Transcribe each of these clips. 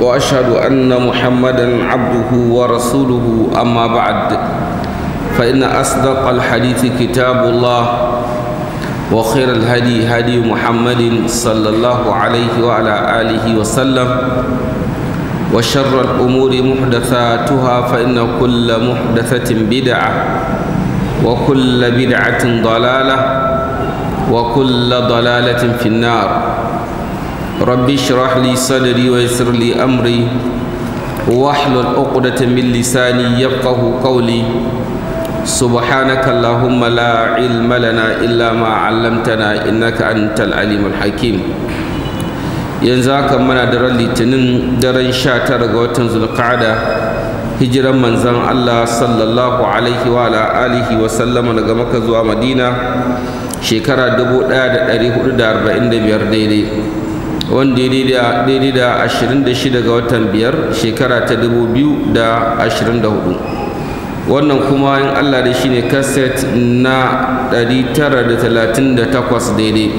واشهد ان محمدا عبده ورسوله اما بعد فان اصدق الحديث كتاب الله وخير الهدي هدي محمد صلى الله عليه وعلى اله وسلم وشر الامور محدثاتها فان كل محدثه بدعه وكل بدعه ضلاله وكل ضلاله في النار رب اشرح لي صدري ويسر لي أمري واحلل عقدة من لساني يفقه قولي سبحانك اللهم لا علم لنا إلا ما علمتنا إنك أنت العليم الحكيم yanzu haka muna daren litinin daren 19 ga watan zulqa'ada hijiran manzan Allah sallallahu alaihi wa ala alihi wa sallama daga maka zuwa madina shekara 1445 daidai wanda ya daidai da 26 ga watan biyar shekara ta 2024 wannan kuma in allah da shi ne kaset na 938 daidai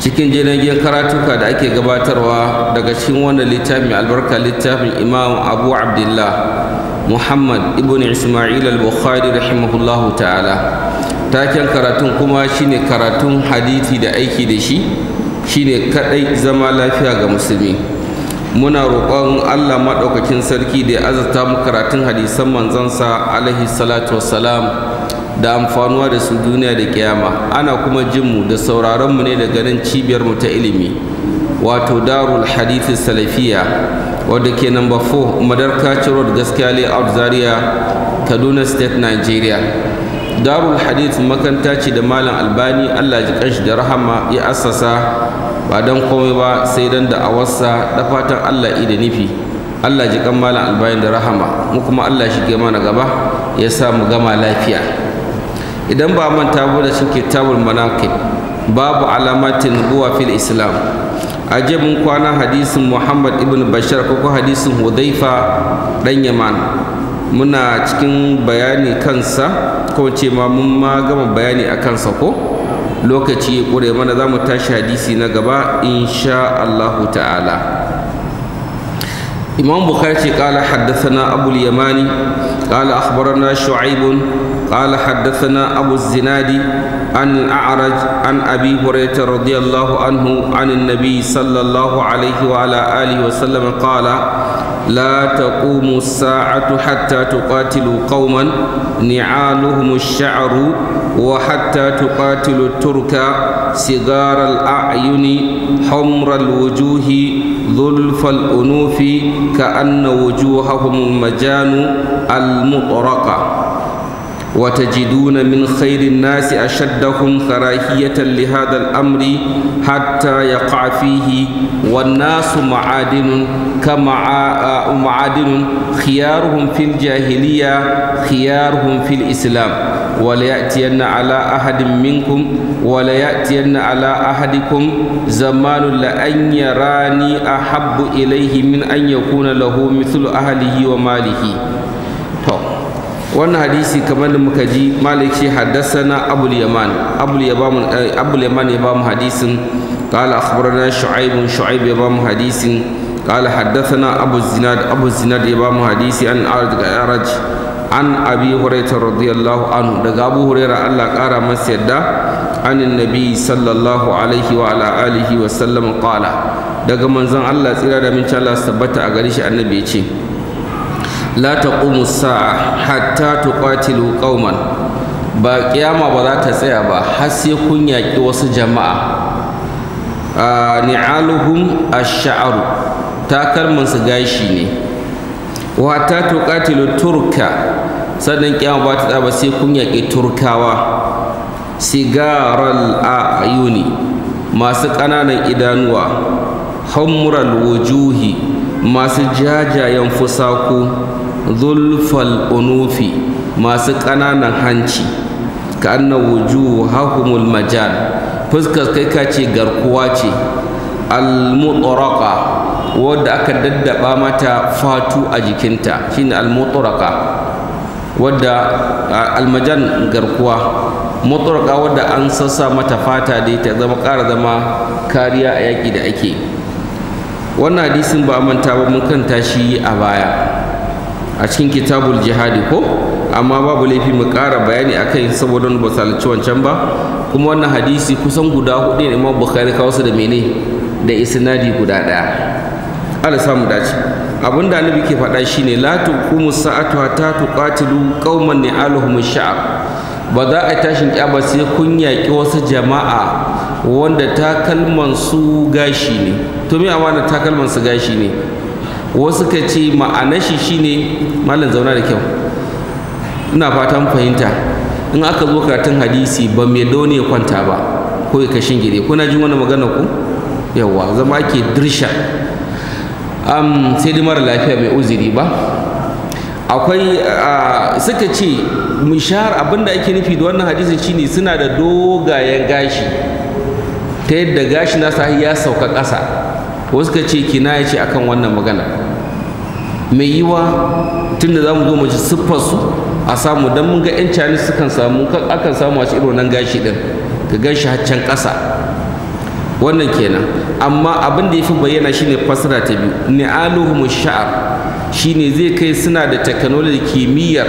cikin jiragen karatuka da ake gabatarwa daga cikin wannan littafin albarka littafin imam abu abdullah muhammad ibn ismail al-bukhari rahimahullahu ta'ala taken karatun kuma shine karatun hadithi da aiki da shi shine kadai zama lafiya ga musulmi muna roƙon allah maɗaukakin sarki da ya azurta mu karatun hadisan manzansa alaihi salatu wassalam da amfanuwa da su duniya da kiyama ana kuma jin mu da mu ne daga nan cibiyarmu ta ilimi wato darul hadithi salafiya wadda ke namba 4 madarkacin road gaskiya layout zaria kaduna state nigeria darul hadith makanta ce da malam albani allah ji kanshi da rahama ya assasa ba don komai ba sai don da awarsa da fatan allah da nufi allah ji kan malam albani da rahama mu kuma allah shi mana gaba ya sa mu gama lafiya idan ba manta ba da cikin tabul manaqib babu alamatin buwa fil islam a jibin kwana hadisin muhammad ibn bashar ko ko hadisin hudaifa dan yaman muna cikin bayani kansa ko ce ma mun ma gama bayani a kansa ko lokaci ya ƙure mana za mu tashi hadisi na gaba insha Allahu ta'ala imam bukhari ce kala haddathana abul yamani kala akhbarana shu'aibun قال حدثنا أبو الزناد عن الأعرج عن أبي هريرة رضي الله عنه عن النبي صلى الله عليه وعلى آله وسلم قال لا تقوم الساعة حتى تقاتلوا قوما نعالهم الشعر وحتى تقاتلوا الترك صغار الأعين حمر الوجوه ظلف الأنوف كأن وجوههم المجان المطرقة وتجدون من خير الناس أشدهم كراهية لهذا الأمر حتى يقع فيه والناس معادن كمعادن خيارهم في الجاهلية خيارهم في الإسلام وليأتين على أحد منكم وليأتين على أحدكم زمان لأن يراني أحب إليه من أن يكون له مثل أهله وماله. wannan hadisi kamar da muka ji maliki shi haddasana abul eh, ya bamu hadisin qala akhbarana shu'aib shu'aib ya bamu hadisin qala haddathana abu zinad abu zinad ya bamu hadisi an arad araj an abi hurayra radiyallahu anhu daga abu hurayra Allah kara masa yadda an annabi sallallahu alaihi wa wa sallam qala daga manzon Allah tsira da min Allah tabbata a gare shi annabi ya ce la taqumu sa'a hatta tuqatilu qauman ba kiyama ba za ta tsaya ba har sai kun yaƙi wasu jama'a ni'aluhum a sharu takalman gashi ne wa ta tuqatilu turka sannan kiyama ba ta tsaya ba sai kun yaƙi turkawa sigaral ayuni masu ƙananan idanuwa humral wujuhi masu jajayen fusaku zulfal unufi masu ƙananan hanci ka anna wuju hahumul majan fuskar kai ka ce garkuwa ce almutoraka wadda aka daddaba mata fatu a jikinta shine almutoraka wadda almajan garkuwa wadda an sassa mata fata da ta zama ƙara zama kariya a yaƙi da ake wannan hadisin ba a manta ba mun kanta shi a baya a cikin kitabul jihadi ko amma babu laifi mu kara bayani akan saboda ba halarci wancan ba kuma wannan hadisi kusan guda hudu ne imam bukhari kawo su da mene da isnadi guda ɗaya Allah samu dace abin da annabi ke faɗa shine la tuqumu sa'atu hatta tuqatilu qauman ni'aluhum sha'ab ba za a tashin kyaba sai kun yaƙi wasu jama'a wanda takalman su gashi ne to me amana takalman su gashi ne wasu ka ce ma'anar shi shine malam zauna da kyau ina fatan fahimta in aka zo karatun hadisi ba mai daune ya kwanta ba ko ya kashin gide kuna jin wani magana ku yawa zama ke dirsha am sai dai mara lafiya mai uziri ba akwai suka ce mishahar abinda ake nufi da wannan hadisi shine suna da dogayen gashi ta yadda gashi nasa ya sauka ƙasa wasu ka ce kinaya ce akan wannan magana mai yiwa da za mu zo mu ji siffarsu a samu don mun ga 'yan chinese sukan samu akan samu a irin nan gashi din ka gashi shi haccan ƙasa wannan kenan amma abin da ya fi bayyana shine fasara ta biyu mu sha'ar shine zai kai suna da technology kimiyyar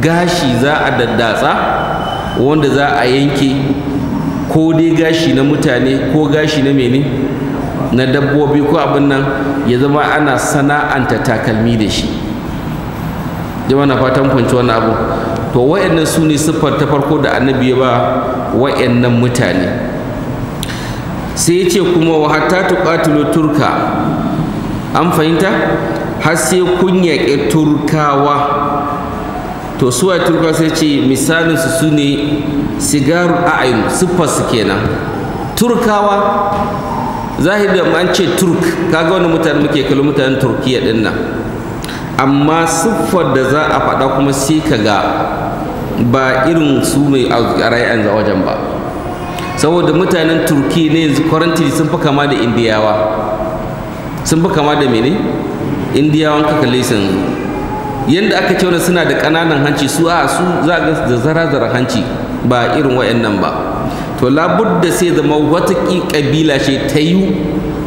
gashi za a daddatsa wanda za a yanke ko dai gashi na mutane ko gashi na mene na dabbobi ko abin nan ya zama ana sana'anta takalmi da shi jama na fatan kwanci wannan abu to wa'annan su ne siffar ta farko da annabi ya ba wa'annan mutane sai ya ce kuma wa hatta tuqatilu turka an fahimta har sai kun yaƙi turkawa to suwa turka sai ce misalinsu su ne sigaru a'ayin siffar su kenan turkawa zahiri an ce turk kaga wani mutane muke kallo mutanen turkiya din nan amma siffar da za a faɗa kuma sai ka ga ba irin su mai a yanzu za wajen ba saboda mutanen turki ne yanzu quarantine sun fi kama da indiyawa sun fi kama da mene indiyawan ka kalle su yanzu yanda aka ce wani suna da ƙananan hanci su a su za a ga da zara-zara hanci ba irin nan ba to labudda sai zama wata ƙabila ce ta yi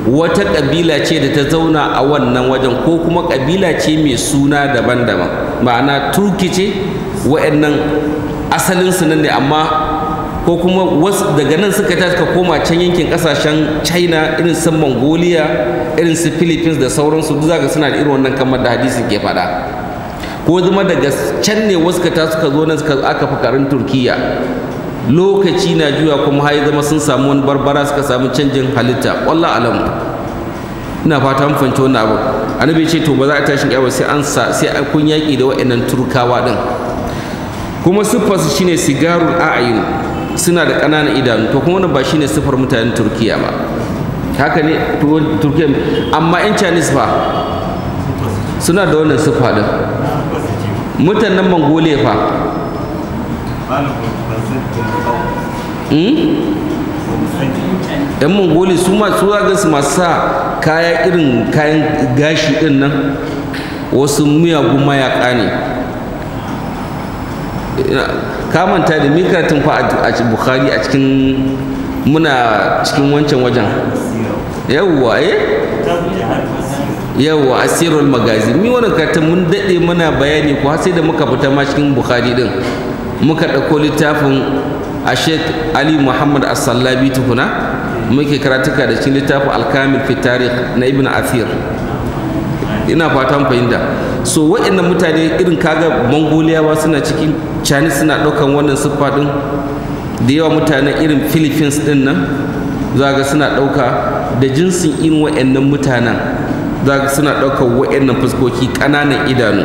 wata ƙabila ce da ta zauna a wannan wajen ko kuma ƙabila ce mai suna daban-daban ma'ana turki ce wa'annan asalinsu nan ne amma ko kuma wasu daga nan suka ta suka koma can yankin kasashen china irin su mongolia irin su philippines da sauransu duk zaka suna da irin wannan kamar da hadisi ke faɗa ko zama daga can ne wasu ka ta suka zo nan aka fi karin turkiya lokaci na juya kuma har zama sun samu wani barbara suka samu canjin halitta wallah alam ina fata mun fahimci wannan abu annabi ce to ba za a tashin kiyama sai an sa sai an kun yaki da waɗannan turkawa din kuma siffar su shine sigarul a'yun suna da ƙananan idanu to kuma wannan ba shine siffar mutanen Turkiya ba haka ne Turkiya amma yan Chinese fa suna da wannan siffa din mutanen Mongolia fa Hmm? yan mongoli su masu ga su masu sa kaya irin kayan gashi din nan wasu miyagun mayaka ne kamanta da mikatin fa a bukhari a cikin muna cikin wancan wajen yawwa eh yawwa asirul magazi mi wani karatun mun daɗe muna bayani ko sai da muka fita ma cikin bukhari din muka ɗauko littafin a sheik ali muhammad as-sallabi tukuna muke karatuka da cikin littafin alkamil fi tarih na ibn athir ina fatan fahimta so waɗannan mutane irin kaga mongoliyawa suna cikin chinese suna ɗaukan wannan siffa ɗin da yawa mutane irin philippines ɗin nan za ga suna ɗauka da jinsin irin waɗannan mutanen za ga suna ɗaukar waɗannan fuskoki ƙananan idanu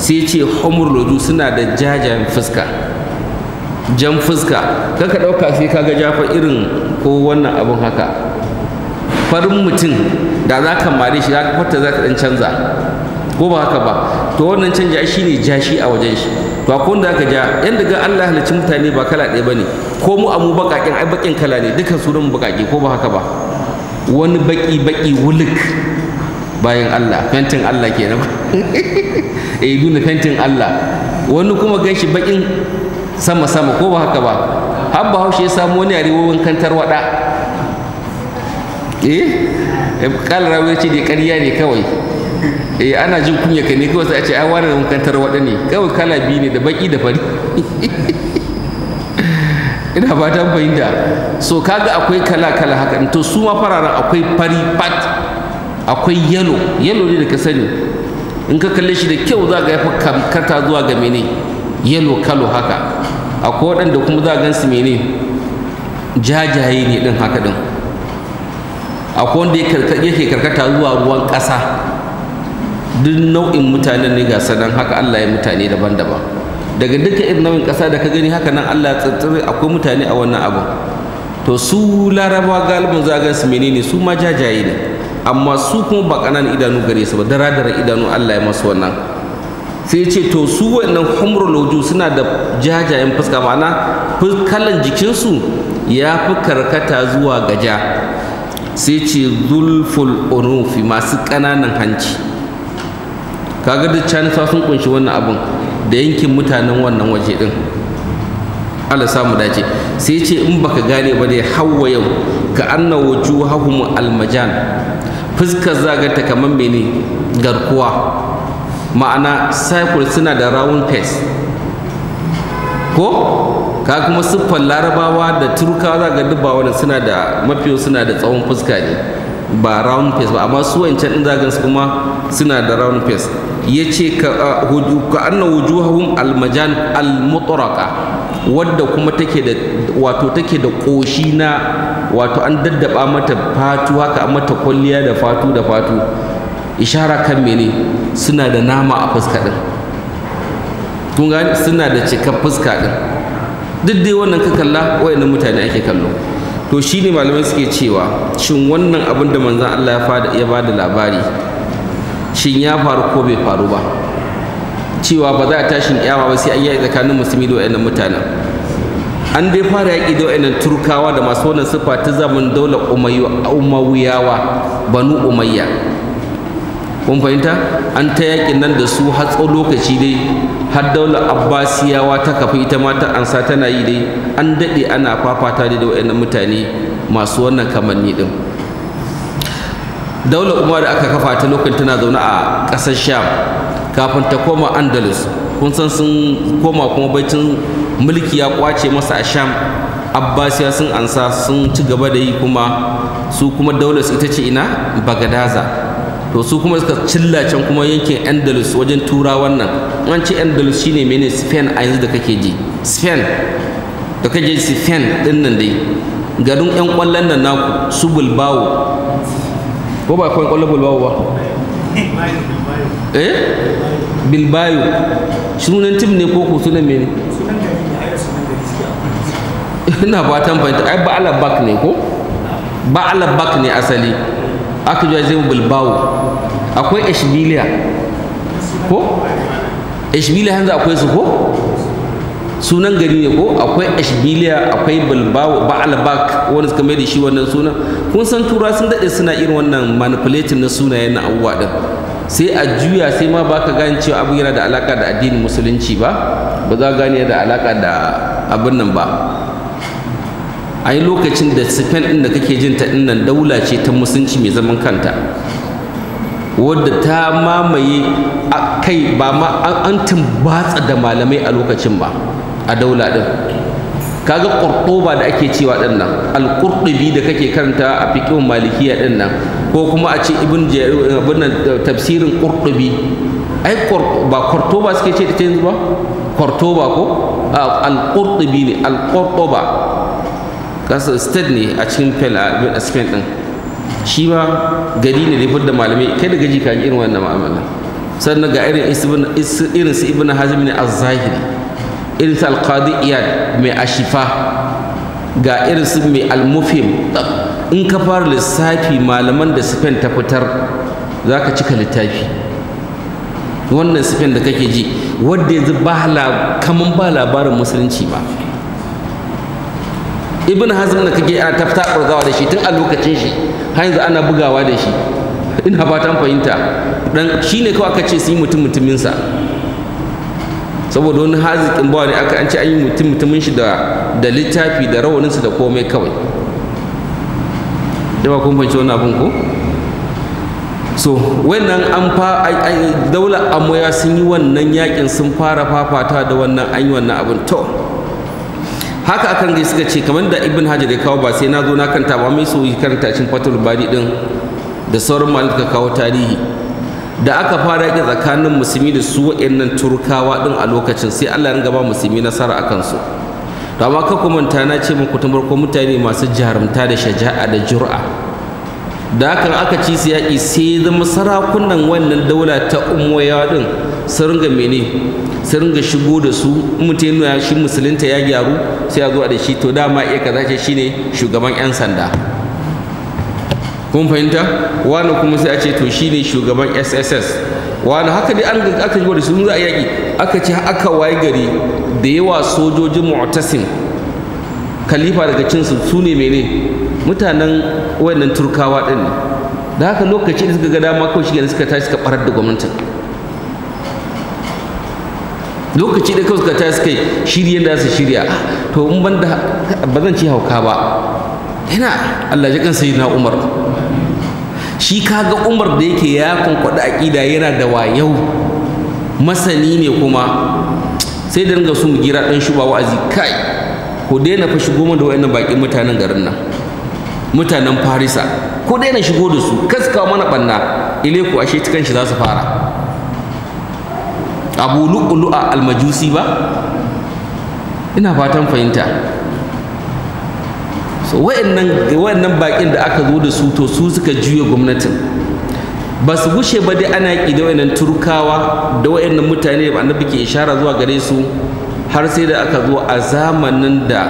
sai ce homurlodu suna da jajayen fuska jan fuska kaka ɗauka sai kaga jafa irin ko wannan abun haka farin mutum da za ka mare shi zaka fata za ka ɗan canza ko ba haka ba to wannan canja shi ne jashi a wajen shi to a da aka ja yan daga Allah halicci mutane ba kala ɗaya bane ko mu amu baƙaƙen ai baƙin kala ne dukan su mu baƙaƙe ko ba haka ba wani baƙi baƙi wuluk bayan Allah fentin Allah kenan eh duna fentin Allah wani kuma ganshi baƙin sama sama ko ba haka ba har bahaushe ya samu wani arewowin kantar wada eh kala eh, rawa ce da ƙarya ne kawai eh ana jin kunya ka ne kawai sai a ce ai wani da kantar wada ne kawai kala biyu ne da baki da fari ina fatan fahimta so kaga akwai kala-kala haka to su ma fararen akwai fari pat akwai yalo yalo ne da ka sani in ka kalle shi da kyau za ga yafi karta zuwa ga mene yalo kalo haka akwai waɗanda kuma za a gansu mene jajaye ne ɗin haka ɗin akwai wanda yake karkata zuwa ruwan ƙasa duk nau'in mutanen ne ga sanan haka Allah ya mutane daban-daban daga duka irin nau'in ƙasa da ka gani haka nan Allah ya tsattsare akwai mutane a wannan abu. to su larabawa galibin za a gansu ne su ma jajaye ne amma su kuma ba ƙananan idanu gare su ba dara-dara idanu Allah ya masu wannan sai ce to su wannan humrul wujuh suna da jajayen fuska ma'ana kalan jikinsu ya fi karkata zuwa gaja sai ce zulful unufi masu ƙananan hanci kaga duk canisa sun kunshi wannan abun da yankin mutanen wannan waje din Allah samu dace sai ce in baka gane ba dai hawa yau ka anna wujuhahum almajan fuskar zaga ta kaman mene garkuwa ma'ana cyprus suna da round face ko ka kuma siffar larabawa da turkawa za ga dubba wanda suna da mafiyo suna da tsawon fuska ne ba round face ba amma su wancan din zagan su kuma suna da round face yace ka hudu ka anna wujuhahum almajan almutraqa wadda kuma take da wato take da koshi na wato an daddaba mata fatu haka an mata kwalliya da fatu da fatu ishara kan mene suna da nama a fuska ɗin kun gani suna da cikar fuska ɗin duk dai wannan ka kalla wayannan mutane ake kallo to shine malamai suke cewa shin wannan abin da manzon Allah ya ba da labari shin ya faru ko bai faru ba cewa ba za a tashin kyawa ba sai an yaƙi tsakanin musulmi da wayannan mutanen an dai fara yaƙi da wayannan turkawa da masu wannan siffa ta zaman daular umayyawa banu umayya kun fahimta an ta yakin nan da su har tsawon lokaci dai har daular abbasiyawa ta kafa ita ma ta ansa tana yi dai an daɗe ana fafata da waɗannan mutane masu wannan kamanni din. daular umar da aka kafa ta lokacin tana zaune a ƙasar sham kafin ta koma andalus kun san sun koma kuma baitin mulki ya kwace masa a sham abbasiya sun ansa sun ci gaba da yi kuma su kuma daular ita ce ina bagadaza to su kuma suka cilla can kuma yankin andalus wajen tura wannan an ce andalus shine mene spain a yanzu da kake ji spain da kake ji spain din nan dai garin yan kwallon nan naku su bulbawo ko ba kawai kwallon bulbawo ba eh bilbayo sunan tim ne ko ko sunan mene ina fatan fahimta ai ba'ala bak ne ko ba'ala bak ne asali aka ji zai bilbawo akwai ishbiliya ko ishbiliya yanzu akwai su ko sunan gari ne ko akwai ishbiliya akwai bilbawo ba'albak wani suka mai da shi wannan sunan kun san tura sun daɗe suna irin wannan manipulating na sunayen na abubuwa ɗin sai a juya sai ma baka gane cewa abu yana da alaka da addinin musulunci ba ba za gane da alaka da abin nan ba a yi lokacin da sifen ɗin da kake jin ta ɗin nan daula ce ta musulunci mai zaman kanta wadda ta mamaye a kai ba ma an batsa da malamai a lokacin ba a daula din kaga qurtuba da ake cewa din nan da kake karanta a fiqh malikiya din nan ko kuma a ce ibn ibn tafsirin qurtubi ai ba qurtuba suke ce ta yanzu ba qurtuba ko al ne al-qurtuba kasa state ne a cikin Spain din shi ma gari ne da fudda malamai kai da gaji kan irin wannan ma'amala sannan ga irin irin su ibn hazim ne az-zahiri irin su al-qadi mai ashifa ga irin su mai al in ka fara lissafi malaman da sifen ta fitar za ka cika littafi wannan sifen da kake ji wadda yanzu ba kaman ba labarin musulunci ba ibn hazm da kake ana tafta burgawa da shi tun a lokacin shi har yanzu ana bugawa da shi ina fatan fahimta dan shine kawai aka ce su yi mutum mutumin sa saboda wani hazikin bawa ne aka an ce an yi mutum mutumin shi da da littafi da rawanin sa da komai kawai yawa kun fahimci wannan abin ko so wannan an fa daular amoya sun yi wannan yakin sun fara fafata da wannan an yi wannan abin to haka akan gai suka ce kamar da ibn hajar ya kawo ba sai na zo na kanta ba mai so karanta cin fatul bari din da sauran malin kawo tarihi da aka fara yake tsakanin musulmi da su waɗannan turkawa din a lokacin sai Allah ya ba musulmi nasara akan su to amma ka kumanta na ce muku ta farko mutane masu jarumta da shaja'a da jur'a da hakan aka ci su yaƙi sai zama sarakunan wannan daula ta umoyawa din sarunga mene su shigo da su mutum ya shi musulunta ya gyaru sai ya zo da shi to dama iya kaza ce shine shugaban yan sanda kun fahimta wani kuma sai a ce to shine shugaban sss wani haka dai an aka shigo da su za a yaƙi aka ce aka waye gari da yawa sojojin mu'tasim khalifa daga cin su ne mene mutanen wayannan turkawa din da haka lokaci da suka ga dama ko shi ne suka tashi suka farar da gwamnatin lokaci da kawai suka ta suka yi shirye da su shirya to in ban da ba zan ci hauka ba yana Allah ya kan sayyidina Umar shi kaga Umar da yake ya kunkwada aqida yana da wayau masani ne kuma sai da ringa su mu gira dan shuba wa'azi kai ko daina fa shigo mana da wayannan bakin mutanen garin nan mutanen Farisa ko daina shigo da su kaskawa mana banna ile ku ashe tukan shi za su fara abu a almajusi ba ina fatan fahimta so wa'annan wa'annan bakin da aka zo da su to su suka juya gwamnatin ba su gushe ba dai ana yaƙi da wa'annan turkawa da wa'annan mutane da annabi ke ishara zuwa gare su har sai da aka zo a zamanin da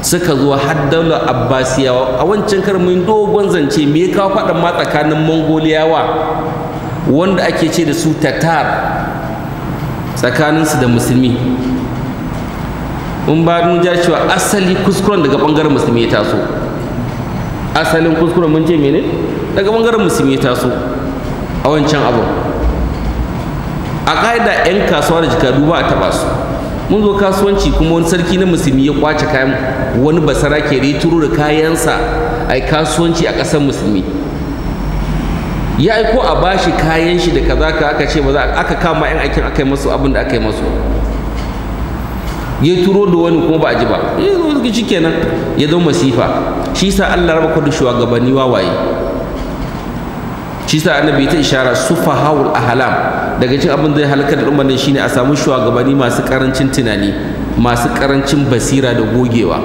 suka zo har daular abbasiyawa a wancan karmin dogon zance me ya kawo ma tsakanin mongoliyawa wanda ake ce da su tatar tsakaninsu da musulmi in ba mun ja cewa asali kuskuren daga bangaren musulmi ya taso asalin kuskuren mun ce mene daga bangaren musulmi ya taso a wancan abu a ƙa'ida 'yan kasuwa da jikadu ba a taɓa su mun zo kasuwanci kuma wani sarki na musulmi ya kwace kayan wani basara ke da ya turo da kayansa a kasuwanci a ƙasar musulmi ya aiko a bashi kayan shi da kaza ka aka ce ba za aka kama yan aikin aka yi masu abin da aka yi masu ya turo da wani kuma ba a ji ba ya zo shi kenan ya zama masifa shi sa Allah raba ku da shugabanni wawaye shi sa annabi ta ishara sufahawul ahlam daga cikin abin da ya halakar da umarnin shine a samu shugabanni masu karancin tunani masu karancin basira da gogewa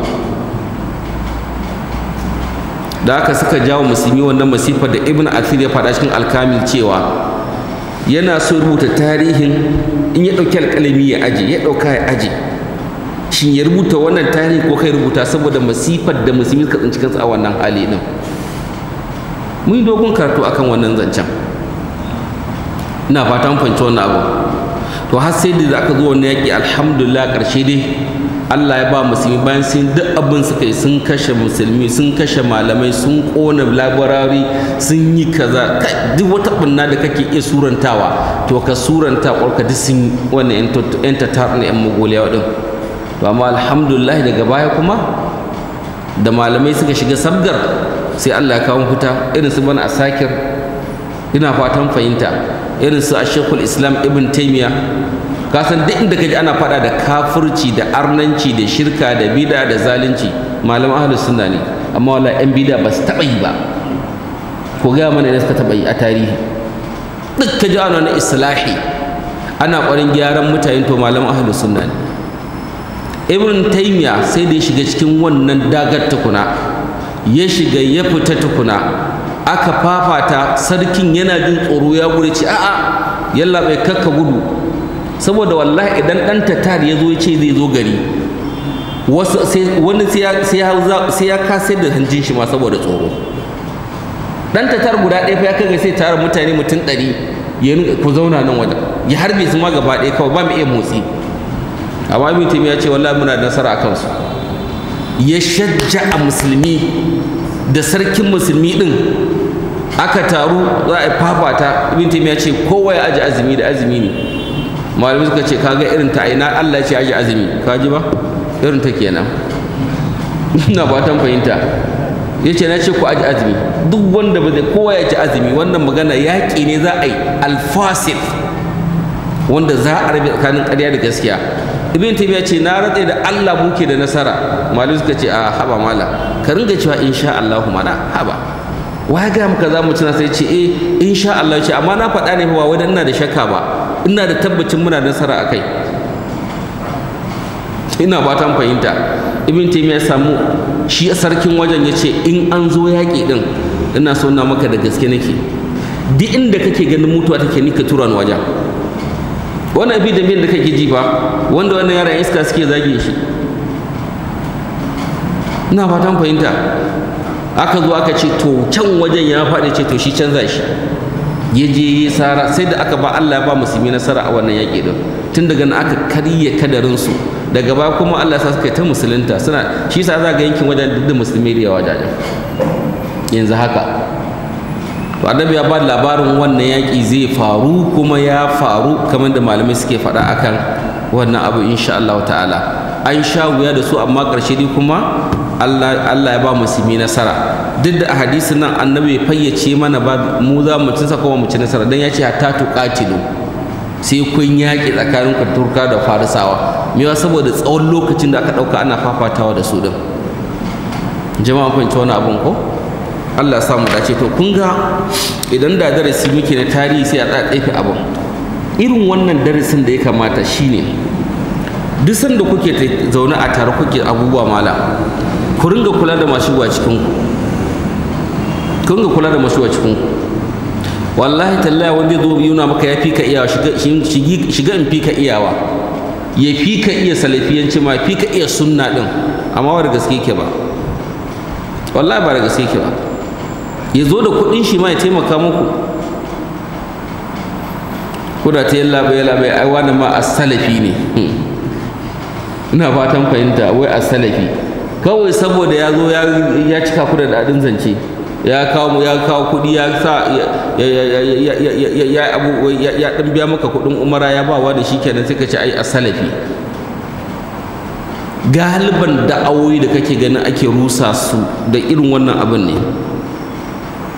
da aka suka jawo musulmi wannan masifa da ibn athir ya faɗa cikin alkamil cewa yana so rubuta tarihin in ya ɗauki alƙalami ya aje ya ɗauka ya aje shin ya rubuta wannan tarihi ko kai rubuta saboda masifar da musulmi suka tsinci kansu a wannan hali din mun yi dogon karatu akan wannan zancen ina fatan fahimci wannan abu to har sai da aka zo wannan yaƙi alhamdulillah ƙarshe dai Allah ya ba musulmi bayan sun duk abin suka yi sun kashe musulmi sun kashe malamai sun kona labarari sun yi kaza duk wata bunna da kake iya surantawa to ka suranta kwarka duk sun wani yan tatar na yan mugoliya din to amma alhamdulillah daga baya kuma da malamai suka shiga sabgar sai Allah ya kawo fita irin su bana asakir ina fatan fahimta irin su ashekul islam ibn taimiya kasan duk inda kaji ana fada da kafirci da arnanci da shirka da bida da zalunci malaman ahlus sunna ne amma wala yan bida ba su yi ba ko ga mana idan suka taba yi a tarihi duk kaji ana na islahi ana ƙwarin gyaran mutane to malaman ahlus sunna ne ibn taymiya sai da ya shiga cikin wannan dagar tukuna ya shiga ya fita tukuna aka fafata sarkin yana jin tsoro ya gure ce a'a yalla bai kakka gudu saboda wallahi idan ɗan tatar ya zo ya ce zai zo gari wani sai ya kasar da hanjin shi ma saboda tsoro ɗan tatar guda ɗaya fa ya kai sai tara mutane mutum ɗari ya ku zauna nan wajen ya harbe su ma gaba ɗaya kawai ba mu iya motsi amma ibn taymiya ce wallahi muna da nasara akan su ya shajja a musulmi da sarkin musulmi din aka taru za a fafata ibn taymiya ce kowa ya aji azumi da azumi ne malamai suka ce kaga irin ta aina Allah ce aji azumi ji ba irin ta kenan ina fatan fahimta ya ce na ce ku aji azumi duk wanda ba zai kowa ya ci azumi wannan magana yaƙi ne za a yi alfasil wanda za a rabe tsakanin ƙarya da gaskiya ibn ya ce na ratse da Allah buke da nasara malum suka ce a haba mala ka ringa cewa insha Allah mana haba wai ga muka za mu tuna sai ce eh insha Allah ce amma na faɗa ne ba wai dan ina da shakka ba ina da tabbacin muna nasara a kai ina fatan fahimta ibn taymiya samu shi sarkin wajen ya ce in an zo yaƙi din ina so na maka da gaske nake duk inda kake ganin mutuwa take ni ka tura ni wajen wannan abin da da kake ji ba wanda wannan yaran iska suke zage shi ina fatan fahimta aka zo aka ce to can wajen ya faɗi ce to shi canza shi ya je ya sara sai da aka ba Allah ya ba musulmi nasara a wannan yaƙi din tun daga nan aka karye kadarin su daga ba kuma Allah ya sa suka yi ta musulunta suna shi yasa za ga yankin wajen da musulmi da yawa jajen yanzu haka to annabi ya ba labarin wannan yaƙi zai faru kuma ya faru kamar da malamai suke faɗa akan wannan abu insha Allah ta'ala an sha wuya da su amma ƙarshe dai kuma Allah ya ba musulmi nasara duk da a nan annabi fayyace mana ba mu za mu ci kuma mu ci nasara dan ya ce hatta qatilu sai kun yaƙi tsakanin turka da farisawa mewa saboda tsawon lokacin da aka ɗauka ana fafatawa da su din jama'a ci wani abun ko Allah ya samu dace to kun ga idan da darasi muke na tarihi sai a tsatsefe abin irin wannan darasin da ya kamata shine duk sanda kuke zaune a tare kuke abubuwa mala ku ringa kula da masu ruwa cikin ku kun ga kula da masu a cikin wallahi tallahi wanda zo na maka ya fi ka iyawa shiga in fi ka iyawa ya fi ka iya salafiyanci ma fi ka iya sunna din amma ba da gaske ke ba wallahi ba da gaske ke ba ya zo da kuɗin shi ma ya taimaka muku Kudata ta yalla bai yalla bai ai wani ma as-salafi ne hmm. ina fatan fahimta wai as-salafi kawai saboda ya zo ya cika ku da dadin zance ya kawo mu ya kawo kuɗi ya sa ya abu ya dan biya maka kuɗin umara ya wa da shi kenan sai ka ce ai asalafi galiban awoyi da kake ganin ake rusa su da irin wannan abin ne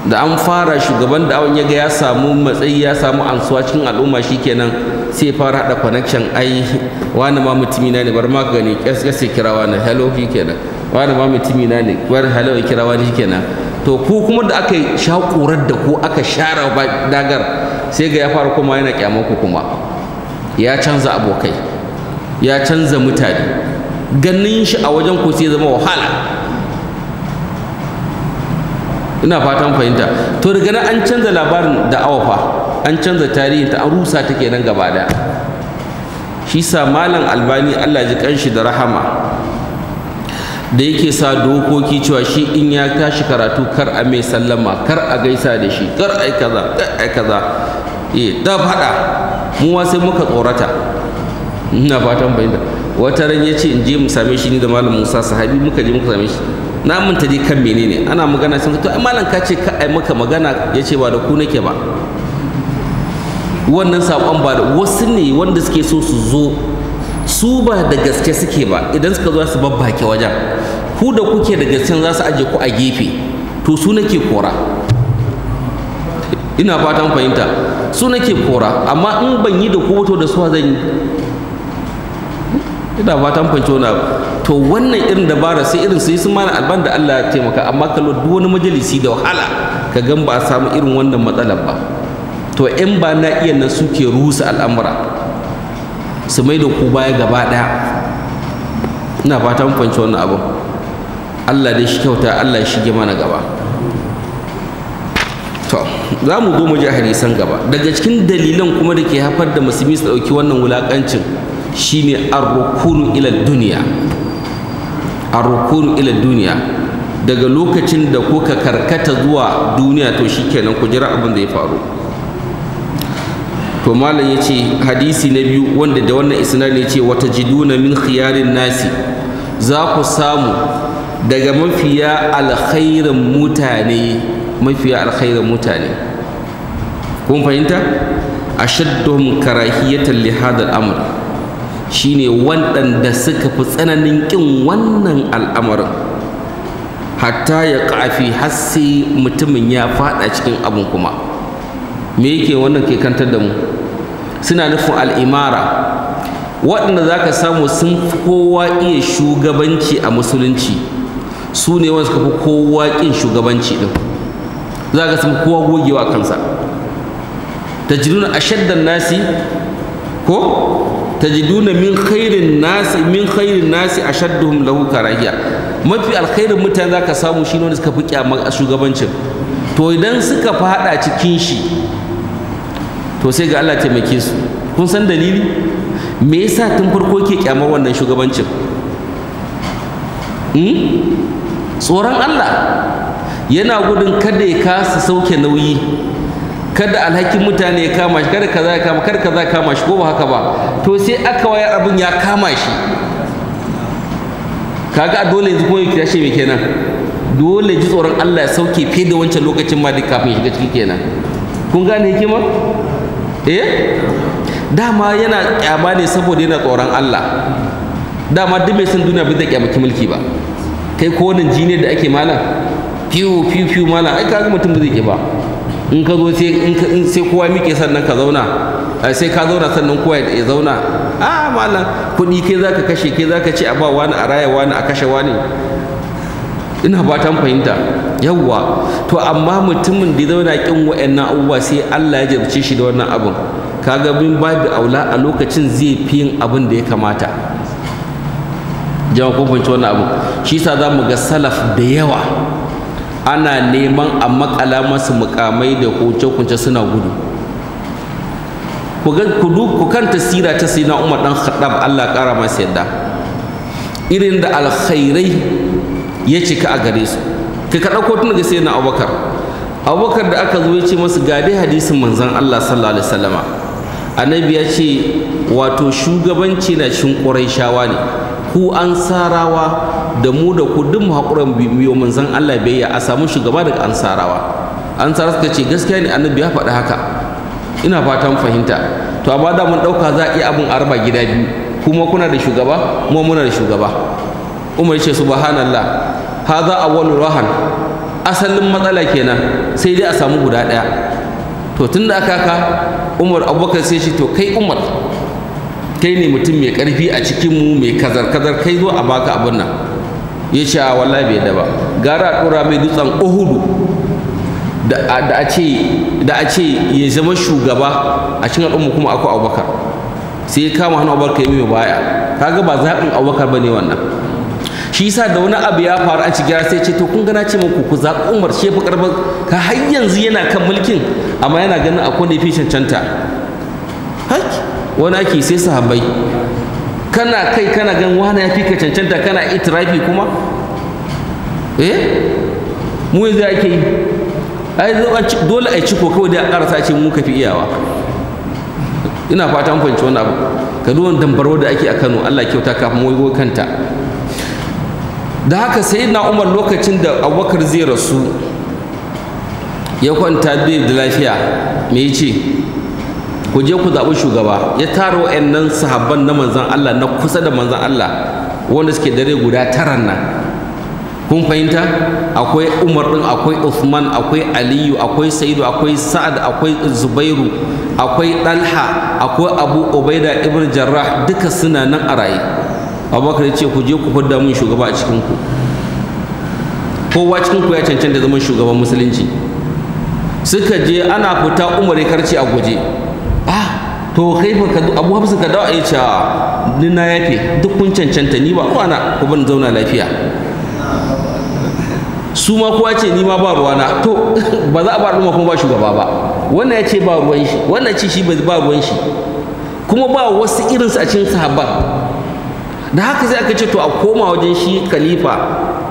da an fara shugaban da'awan ya ga ya samu matsayi ya samu ansuwa cikin al'umma shikenan sai fara hada connection ai wani ma mutumina ne bar ma gani kyas kira wani hello shikenan wani ma mutumina ne bar hello kira wani shikenan to ku kuma da aka shakurar da ku aka share dagar sai ga ya fara kuma yana ku kuma ya canza abokai ya canza mutane ganin shi a wajen ku sai zama wahala ina fatan fahimta to daga nan an canza labarin da awafa an canza tarihin ta an rusa ta kenan gaba daya shi sa malam albani Allah ji kanshi da rahama da yake sa dokoki cewa shi in ya tashi karatu kar a mai sallama kar a gaisa da shi kar yi kaza kar yi kaza eh da fada mu sai muka tsorata ina fatan bayyana wata ran yace in je mu same shi ni da malam Musa sahabi muka je muka same shi na manta dai kan menene ana magana sun to ai malam ka ce ka ai maka magana yace ba da ku nake ba wannan sakon ba da wasu ne wanda suke so su zo su ba da gaske suke ba idan suka zo su babbake wajen ku da kuke da gaske za su aje ku a gefe to su nake kora ina fatan fahimta su nake kora amma in ban yi da ku wato da su zan yi ina fatan fahimta wani to wannan irin dabara sai irin su yi sun mana alban da Allah ya taimaka amma kallo duk wani majalisi da wahala ka gan ba a samu irin wannan matsalar ba to in ba na iya na suke rusa al'amura su mai da ku baya gaba ɗaya ina fata mun fahimci wannan abin Allah dai shi kyauta Allah shi gima mana gaba to za mu zo mu ji hadisan gaba daga cikin dalilan kuma da ke haifar da musulmi su ɗauki wannan wulakancin shine arrukunu ila duniya ila duniya daga lokacin da kuka karkata zuwa duniya to shikenan ku jira abin da ya faru to malam ya ce hadisi na biyu wanda da wannan isnad ya ce wata jiduna min khiyarin nasi za ku samu daga mafiya alkhairin mutane mafiya alkhairin mutane kun fahimta a shaddon karahiyatar lihadar amur shi shine waɗanda suka fi tsananin ƙin wannan al'amarin hatta ya kafi har mutumin ya faɗa cikin abin kuma me yake wannan ke kantar da mu suna nufin al'imara waɗanda za ka samu sun fi kowa iya shugabanci a musulunci su ne wanda suka fi kowa ƙin shugabanci ɗin za ka samu kowa gogewa a kansa nuna ashaddan nasi ko ta ji nuna min khairin nasi min khairin nasi ashadduhum lahu karahiya mafi alkhairin mutane za ka samu shi ne wanda suka fi kyamar shugabancin to idan suka haɗa cikin shi to sai ga Allah taimake su kun san dalili me yasa tun farko ke kyamar wannan shugabancin hmm? tsoron Allah yana gudun kada ya kasa sauke nauyi kada alhakin mutane ya kama shi kada kaza ya kama kada kaza ya kama shi ko ba haka ba to sai aka wayar abin ya kama shi kaga a dole yanzu kuma ya kira shi me kenan dole ji tsoron Allah ya sauke fiye da wancan lokacin ma duk kafin shiga ciki kenan kun gane hikima eh dama yana kyama ne saboda yana tsoron Allah dama duk mai san duniya bai zai kyamaki mulki ba kai ko wannan jini da ake malam fiyu fiyu fiyu malam ai ga mutum bai zai ke ba in ka zo sai in sai kowa mike sannan ka zauna sai ka zauna sannan kowa ya zauna a ah, malam kuɗi kai zaka kashe kai zaka ce a ba wani a raya wani a kashe wani ina fatan fahimta yawwa to amma mutumin da zauna kin wayannan abubuwa sai Allah ya jarce shi da wannan abin kaga bin babu aula a lokacin zai fi yin abin da ya kamata jama'a kun fahimci wannan abu shi yasa zamu ga salaf da yawa ana neman a makala masu mukamai da hukunce kunce suna gudu ku kan tasira ta sayyidina Umar dan Khattab Allah kara masa yadda irin da alkhairai ya cika a gare su kai ka ɗauko tun daga sayyidina abubakar abubakar da aka zo ya ce masu ga dai hadisin manzon allah sallallahu alaihi wasallama annabi ya ce wato shugabanci na cin shawa ne ku an sarawa da mu da ku duk mu haƙuran biyo manzon allah biyayya a samu shugaba daga an sarawa an sara suka ce gaskiya ne annabi ya faɗi haka ina fatan fahimta to amma da mun ɗauka za a iya abin a raba gida biyu kuma kuna da shugaba mu muna da shugaba umar ce subhanallah haza awwalur rahan asalin matsala kenan sai dai a samu guda ɗaya to tunda da aka ka umar abubakar sai shi to kai umar kai ne mutum mai ƙarfi a cikinmu mai kazar-kazar kai zo a baka abin nan ya ce a wallahi bai da ba gara a ɗora mai dutsen uhudu da a ce ya zama shugaba a cikin al'umma kuma akwai abubakar sai ya kama hannu abubakar ya mai baya kaga ba zaɓin abubakar ba ne wannan shi yasa da wani abu ya faru a cikin sai ce to kun gana ce muku ku zaɓi umar shi fi karɓar ka har yanzu yana kan mulkin amma yana ganin akwai da ya fi cancanta wani ake sai sahabbai kana kai kana gan wani ya fi ka cancanta kana itirafi kuma eh mu yanzu ake yi ai dole a ko kawai da karasa ce mu kafi iyawa ina fata an fahimci wannan abu ka duwan dambaro da ake a Kano Allah kyauta kafin wai kanta da haka sai na umar lokacin da abubakar zai rasu ya kwanta bai da lafiya me ya ce ku je ku zaɓi shugaba ya taro nan sahabban na manzan Allah na kusa da manzan Allah wanda suke dare guda taran nan kun fahimta akwai umar ɗin, akwai usman akwai aliyu akwai saidu akwai sa'ad akwai zubairu akwai ɗalha akwai abu ubaida ibn jarrah duka suna nan a raye abubakar ya ce ku je ku fadda mun shugaba a cikin ku kowa cikin ku ya cancanta zaman shugaban musulunci suka je ana fita umar ya karce a guje ah to kai fa abu hafsa ka dawo a yace ah, ni na yafe duk kun cancanta ni ba ruwana ku ban zauna lafiya su ma kowa ce ni ma ba ruwana to ba za a ba ruwa kuma ba shugaba ba wannan ya ce ba ruwan shi wannan ce shi ba ruwan shi kuma ba wasu irinsu a cikin sahabban da haka sai aka ce to a koma wajen shi khalifa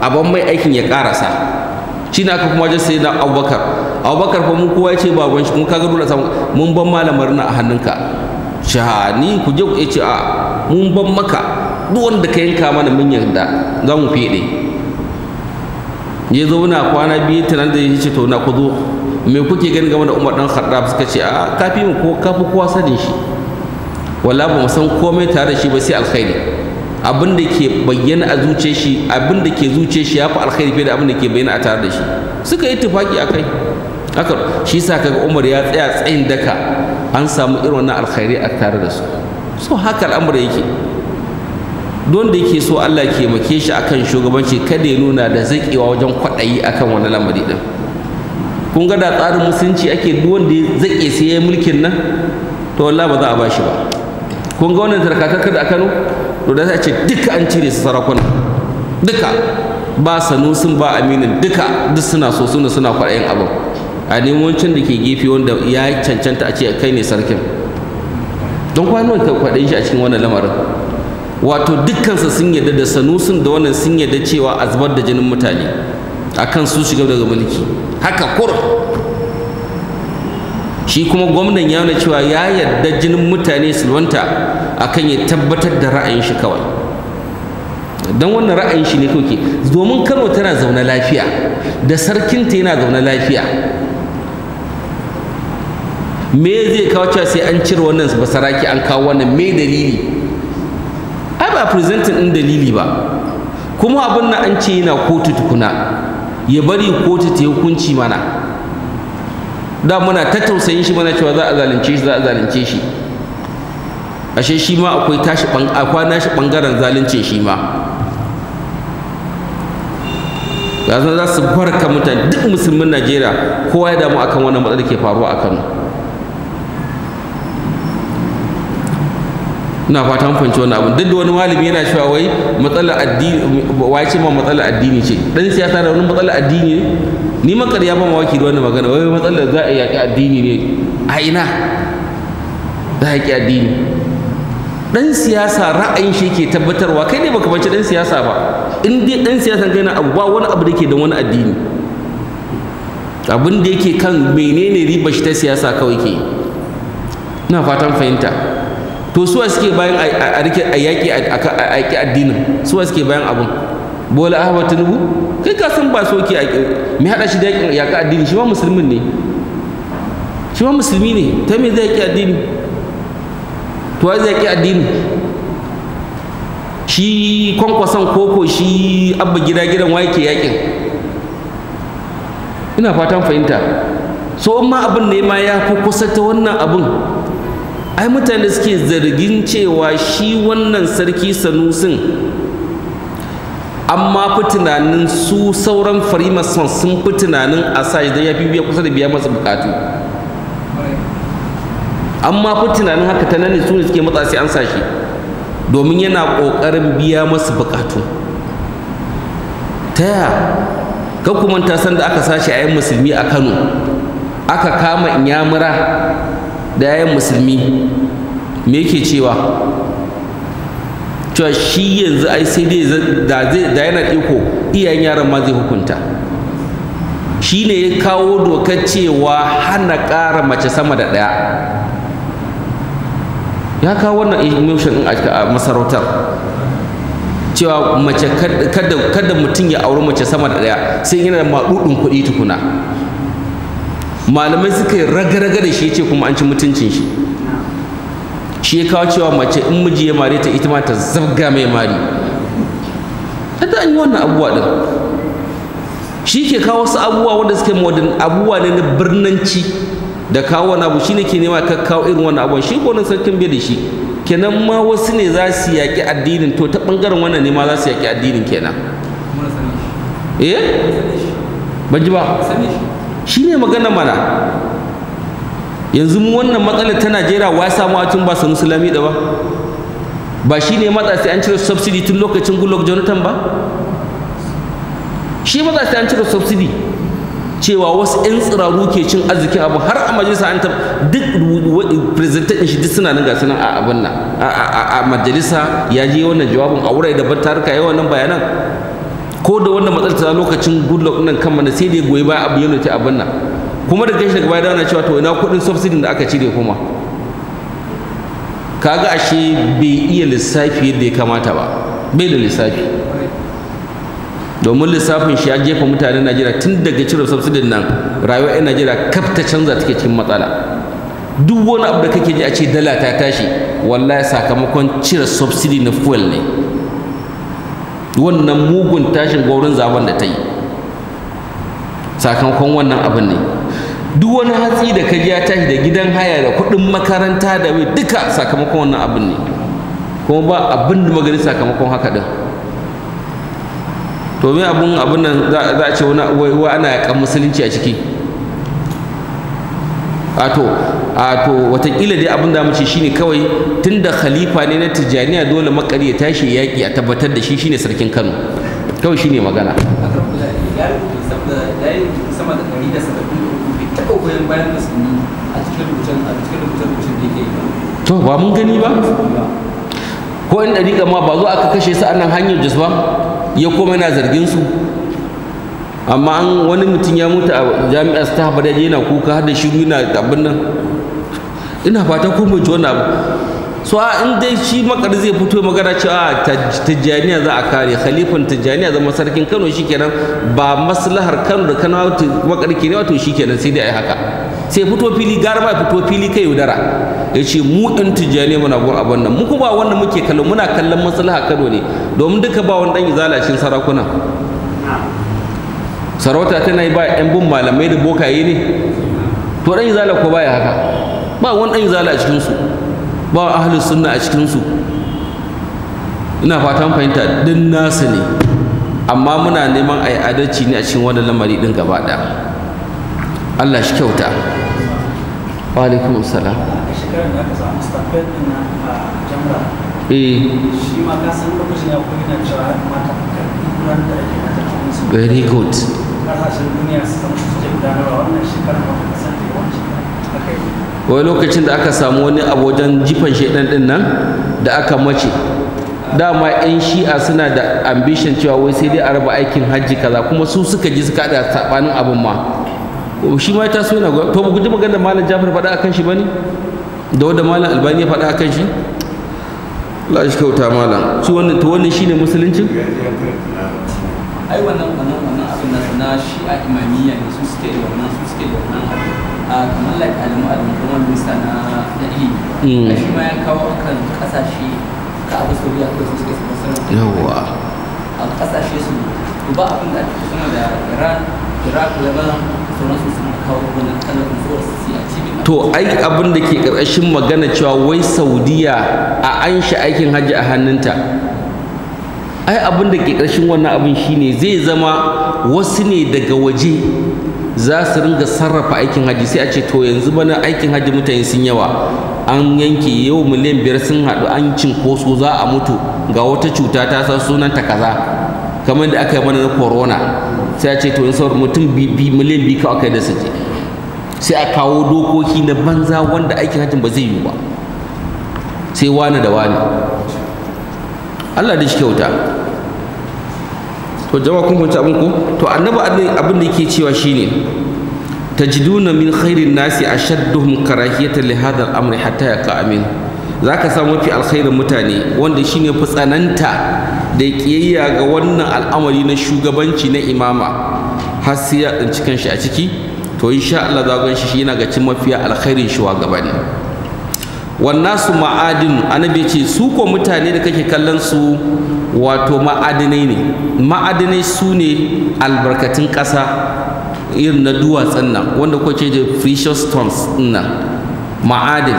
a ban mai aikin ya karasa shi na aka kuma wajen sai na abubakar abubakar fa mun kowa ya ce baban shi mun kaga dole samu mun ban malamar na a hannunka shahani ku je ku ce a mun ban maka duk wanda ka yanka mana mun yarda za mu fede ya zauna kwana biyu tunan da ya ce to na ku zo me kuke gani game da Umar dan Khattab suka ce a kafi mu ko kafi kowa sanin shi wallahi ba mu san komai tare da shi ba sai alkhairi abin da ke bayyana a zuce shi abin da ke zuce shi ya fi alkhairi fiye da abin da ke bayyana a tare da shi suka yi tufaki a kai haka shi sa kaga Umar ya tsaya tsayin daka an samu irin wannan alkhairi a tare da su so haka al'amura yake don da yake so Allah ke make shi akan shugabanci kada ya nuna da zaƙewa wajen kwaɗayi akan wani lamari din kun ga da tsarin musulunci ake duk wanda ya zaƙe sai ya mulkin nan to wallahi ba za a bashi ba kun ga wannan tarkakakar da a Kano to da ce duka an cire su sarakuna duka ba sun ba aminin duka duk suna so suna suna kwaɗayin abin a nemoncin da ke gefe wanda ya cancanta a ce kai ne sarkin don kwanon ka kwaɗayin shi a cikin wannan lamarin wato dukkansa sun yarda da sanusun da wannan sun yarda cewa a zubar da jinin mutane akan su shiga daga mulki haka kur shi kuma gwamnan ya nuna cewa ya yarda jinin mutane a akan ya tabbatar da ra'ayin shi kawai don wannan ra'ayin shi ne kuke domin kano tana zaune lafiya da sarkinta yana zaune lafiya me zai kawo cewa sai an cire wannan basaraki an kawo wannan me dalili ai ba presenting din dalili ba kuma abin nan an ce yana kotu tukuna ya bari kotu ta hukunci mana da muna ta tausayin shi muna cewa za a zalunce shi za a zalunce shi ashe shi ma akwai tashi akwai nashi bangaren zalunce shi ma ga za su barka mutane duk musulmin Najeriya kowa ya damu akan wannan matsalar ke faruwa a Kano ina fata mun fahimci wannan abin duk da wani malami yana cewa wai matsalar addini wai ce ma matsalar addini ce dan siyasa da wani matsalar addini ni ma ƙarya ba mawaki da wannan magana wai matsalar za a yaƙi addini ne a ina za a yaƙi addini dan siyasa ra'ayin shi ke tabbatarwa kai ne baka bace dan siyasa ba in dai dan siyasa kai na abu ba wani abu da ke da wani addini abin da yake kan menene riba shi ta siyasa kawai ke ina fatan fahimta to suwa suke bayan a rike a yaƙi a yaƙi addinin suwa suke bayan abun bola ahmad tinubu kai ka san ba soke a me haɗa shi da yaƙi addini shi ma musulmin ne shi ma musulmi ne ta me zai yaƙi addini to wai zai yaƙi addini shi kwankwason koko shi abba gida gidan ke yaƙin ina fatan fahimta so ma abin ne ma ya fi kusa ta wannan abin ai mutane suke zargin cewa shi wannan sarki sanusin amma fi tunanin su sauran farimason sun fi tunanin asaj don ya fi biya kusa da biya masa bukatu amma fi tunanin haka ta nan su ne suke matsa sai an sa shi domin yana ƙoƙarin biya masa bukatu ta yaya ka kumanta san da aka sashi a yan musulmi a kano aka kama inyamura da yayan musulmi me yake cewa cewa shi yanzu ai sai dai da yana iko iyayen yaran ma zai hukunta shi ne ya kawo dokar cewa hana ƙara mace sama da ɗaya ya kawo wannan emotion a masarautar cewa mace kada mutum ya auri mace sama da ɗaya sai yana da maɗuɗin kuɗi tukuna malamai suka yi ragaraga da shi ce kuma an ci mutuncin shi shi ya kawo cewa mace in miji ya mare ta ita ma ta zabga mai mari ta an yi wannan abubuwa din shi ke kawo wasu abubuwa wanda suke modern abubuwa ne na birnanci da kawo wani abu shi ne ke nema ka kawo irin wani abu shi ko sarkin bai da shi kenan ma wasu ne za su yaƙi addinin to ta ɓangaren wannan ne ma za su yaƙi addinin kenan eh ban ji ba shi ne magana mana yanzu mu wannan matsalar ta najeriya wa samu a tun ba su musulami da ba ba shi ne matsa sai an cire subsidy tun lokacin goodluck jonathan ba shi matsa sai an cire subsidy cewa wasu 'yan tsiraru ke cin arzikin abu har a majalisa an tab duk presentation shi duk suna nan ga sunan a abin nan a majalisa ya je wannan jawabin a wurare daban tarika yawan nan bayanan ko da wannan matsalar ta lokacin goodluck nan kan mana sai da ya goyi baya abu ya ta abin nan kuma da gashi daga baya dawo cewa to ina kuɗin subsidy da aka cire kuma kaga ashe bai iya lissafi yadda ya kamata ba bai da lissafi domin lissafin shi ya jefa mutanen najeriya tun daga cire subsidin nan rayuwa 'yan najeriya kaf ta canza take cikin matsala duk wani abu da kake ji a ce dala ta tashi wallahi sakamakon cire subsidi na fuel ne wannan mugun tashin gwaurin zaben da ta yi sakamakon wannan abin ne duk wani hatsi da ka ya tashi da gidan haya da kuɗin makaranta da mai duka sakamakon wannan abin ne kuma ba abin da magani sakamakon haka din to me abin abin nan za a ce wani ana yakan musulunci a ciki ato ato watakila dai abin da mu ce shine kawai tunda khalifa ne na tijaniya dole makari ya tashi yaki a tabbatar da shi shine sarkin Kano kawai shine magana to ba mun gani ba ko in dariƙa ma ba zo aka kashe su a nan hanyar jisba ya koma yana zargin su amma an wani mutum ya mutu a jami'ar ta haɓar yaje yana kuka har da shi yana abin nan ina fata ko mai jona abu so a in dai shi makar zai fito magana cewa tijjaniya za a kare khalifan tijjaniya zama sarkin kano shikenan ba maslahar kano da kano makar ke ne wato shikenan sai dai a yi haka sai fito fili gara ma fito fili kai yaudara ya ce mu ɗin tijjaniya muna gwar abin nan mu kuma wanda muke kallo muna kallon maslaha kano ne domin duka ba wani ɗan zalashin sarakuna sarauta tana yi ba yan bin malamai da bokaye ne to ɗan izala ko baya haka ba wani ɗan izala a cikinsu ba ahli sunna a cikinsu ina fatan fahimta din nasu ne amma muna neman a yi adalci ne a cikin wannan lamari ɗin gaba ɗaya Allah shi kyauta wa alaikum salam eh very good kasashen wai lokacin da aka samu wani abu wajen jifan shaidan din nan da aka mace dama yan shi'a suna da ambishin cewa wai sai dai a raba aikin hajji kaza kuma su suka ji suka da sabanin abin ma shi ma ya taso yana to ba ji magana malam Jafar faɗa akan shi bane da wanda malam Albani ya faɗa akan shi Allah shi kauta malam su wannan to wannan shine musulunci ai wannan wannan wannan abin na shi a imamiyya ne su suke da wannan su suke da wannan a ah, kamar like alimu alimu kuma minista na na ilimi mm. shi ma ya kawo kan kasashe ka abu sauriya kawai su suke su sanar yawa a kasashe su ba abin da ake suna da iran iraq lebanon su suna kawo wannan talabin zuwa su siya to ai abin da ke ƙarƙashin magana cewa wai saudiya a an shi aikin hajji a hannunta ai abin da ke ƙarshen wannan abin shine zai zama wasu ne daga waje za su ringa sarrafa aikin hajji sai a ce to yanzu bana aikin hajji mutane sun yawa an yanke yau miliyan biyar sun haɗu an cinkoso za a mutu ga wata cuta ta san sunanta kaza kamar da aka yi mana na corona sai a ce to yanzu mutum miliyan biyu kawai aka yi da su je sai a kawo dokoki na banza wanda aikin hajjin ba zai yi ba sai wane da wane Allah da shi kyauta to jama'a kun kunta abin ku to annabi abin da yake cewa shine tajiduna min khairin nasi ashadduhum karahiyatan li hadha al-amri hatta yaqa amin zaka samu mafi alkhairin mutane wanda shine fi tsananta da kiyayya ga wannan al'amari na shugabanci na imama har sai ya tsinci kanshi a ciki to insha Allah za ga shi yana ga cin mafiya alkhairin gabani wannasu ma'adin annabi ce su ko mutane da kake kallon su wato ma'adinai ne ma'adinai su ne albarkatun ƙasa irin na duwatsun nan wanda ko da precious stones nan ma'adin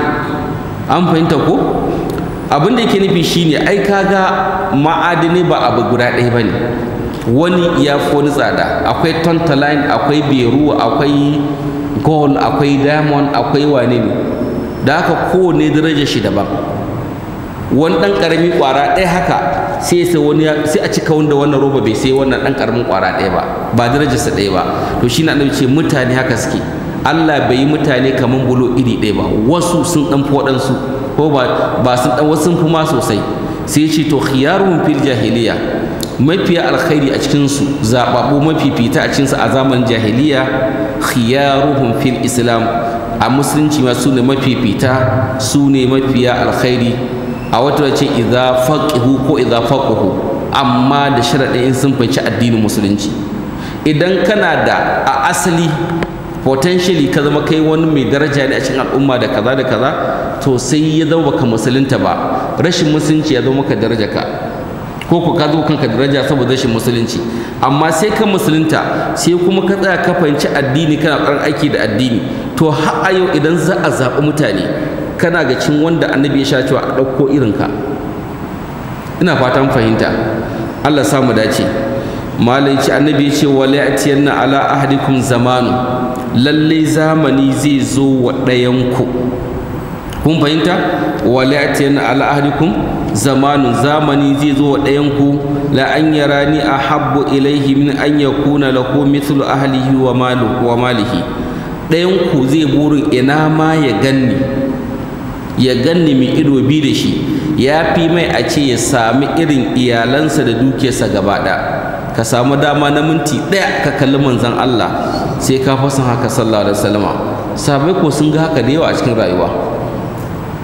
an fahimta ko abin da yake nufi shine ai kaga ma'adinai ba abu guda ɗaya bane wani ya fi wani tsada akwai tantaline akwai beru akwai gold akwai diamond akwai wane ne da haka kowane darajar shi daban wani ɗan ƙarami ƙwara ɗaya haka sai a cika wanda wannan roba bai sai wannan ɗan ƙaramin ƙwara ɗaya ba ba darajarsa ɗaya ba to shi na ce mutane haka suke Allah bai yi mutane kaman bulo iri ɗaya ba wasu sun ɗan fi waɗansu ko ba ba sun ɗan wasu sun fi ma sosai sai ce to khiyarun fil jahiliya mafiya alkhairi a cikinsu zaɓaɓɓu mafifita a cikinsu a zamanin jahiliya khiyaruhum fil islam a musulunci ma su ne mafifita su ne mafiya alkhairi a wata wace idza faqihu ko idza faqahu amma da sharaɗin in sun fahimci addinin musulunci idan kana da a asali potentially ka zama kai wani mai daraja ne a cikin al'umma da kaza da kaza to sai ya zama baka musulunta ba rashin musulunci ya zama maka daraja ka ko ku ka zo kanka daraja saboda rashin musulunci amma sai ka musulunta sai kuma ka tsaya ka fahimci addini kana ƙaran aiki da addini to har a yau idan za a zaɓi mutane kana ga cin wanda annabi ya sha cewa a ɗauko irinka ina fatan fahimta Allah samu dace malai ce annabi ya ce wa la'atiyanna ala ahadikum zamanu lalle zamani zai zo wa ɗayanku kun fahimta wa la'atiyanna ala ahadikum zamanu zamani zai zo wa ɗayanku la an yarani ahabbu ilaihi min an yakuna lahu mithlu ahlihi wa malihi ɗayan ku zai burin ina ma ya ganni ya ganni mai ido bi da shi ya fi mai a ce ya sami irin iyalansa da dukiyarsa gaba ka samu dama na minti ɗaya ka kalli manzan Allah sai ka fasa haka sallallahu alaihi wasallama sabai ko sun ga haka da yawa a cikin rayuwa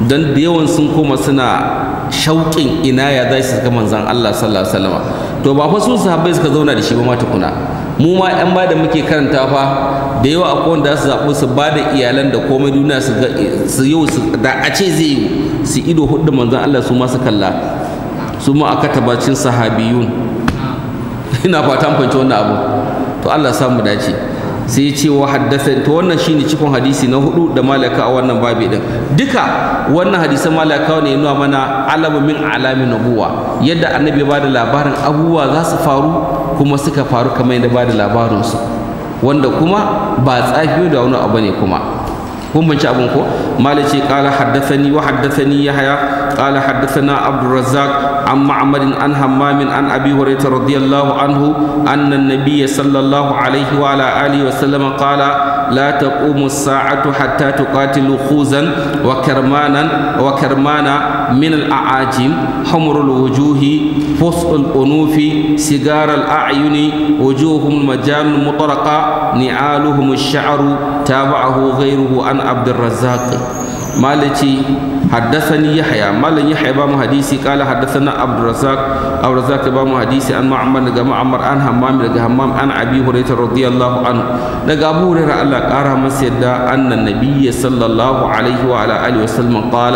don da yawan sun koma suna shauƙin ina ya za su ga manzan Allah sallallahu alaihi wasallama to ba fa su sahabbai suka zauna da shi ba ma tukuna mu ma ɗan ba da muke karanta fa da yawa akwai wanda su zaɓo su ba da iyalan da komai duniya su su yau su da a ce zai yi su ido hudu manzan Allah su ma su kalla su ma aka tabacin sahabiyun ina fatan fahimci wannan abu to Allah samu dace sai ya ce wa haddasa to wannan shine cikon hadisi na hudu da malaka a wannan babi din duka wannan hadisan malaka ne nuna mana alamu min alami nubuwa yadda annabi ya da labarin abubuwa za su faru kuma suka faru kamar yadda da labarin su wanda kuma ba tsafi da wani abu ne kuma kun binci abin ko malace ce haddasa ni, wa ya yahya قال حدثنا عبد الرزاق عن معمر عن همام عن أبي هريرة رضي الله عنه أن النبي صلى الله عليه وعلى آله وسلم قال لا تقوم الساعة حتى تقاتل خوزا وكرمانا وكرمانا من الأعاجم حمر الوجوه فصء الأنوف سجار الأعين وجوههم المجان المطرقة نعالهم الشعر تابعه غيره عن عبد الرزاق مالتي حدثني يحيى مالن يحيى بام حديثي قال حدثنا عبد الرزاق عبد الرزاق بام حديثي عن معمر دغ معمر عن حمام دغ حمام عن ابي هريره رضي الله عنه دغ ابو هريره الله قارا مسيدا ان النبي صلى الله عليه وعلى اله وسلم قال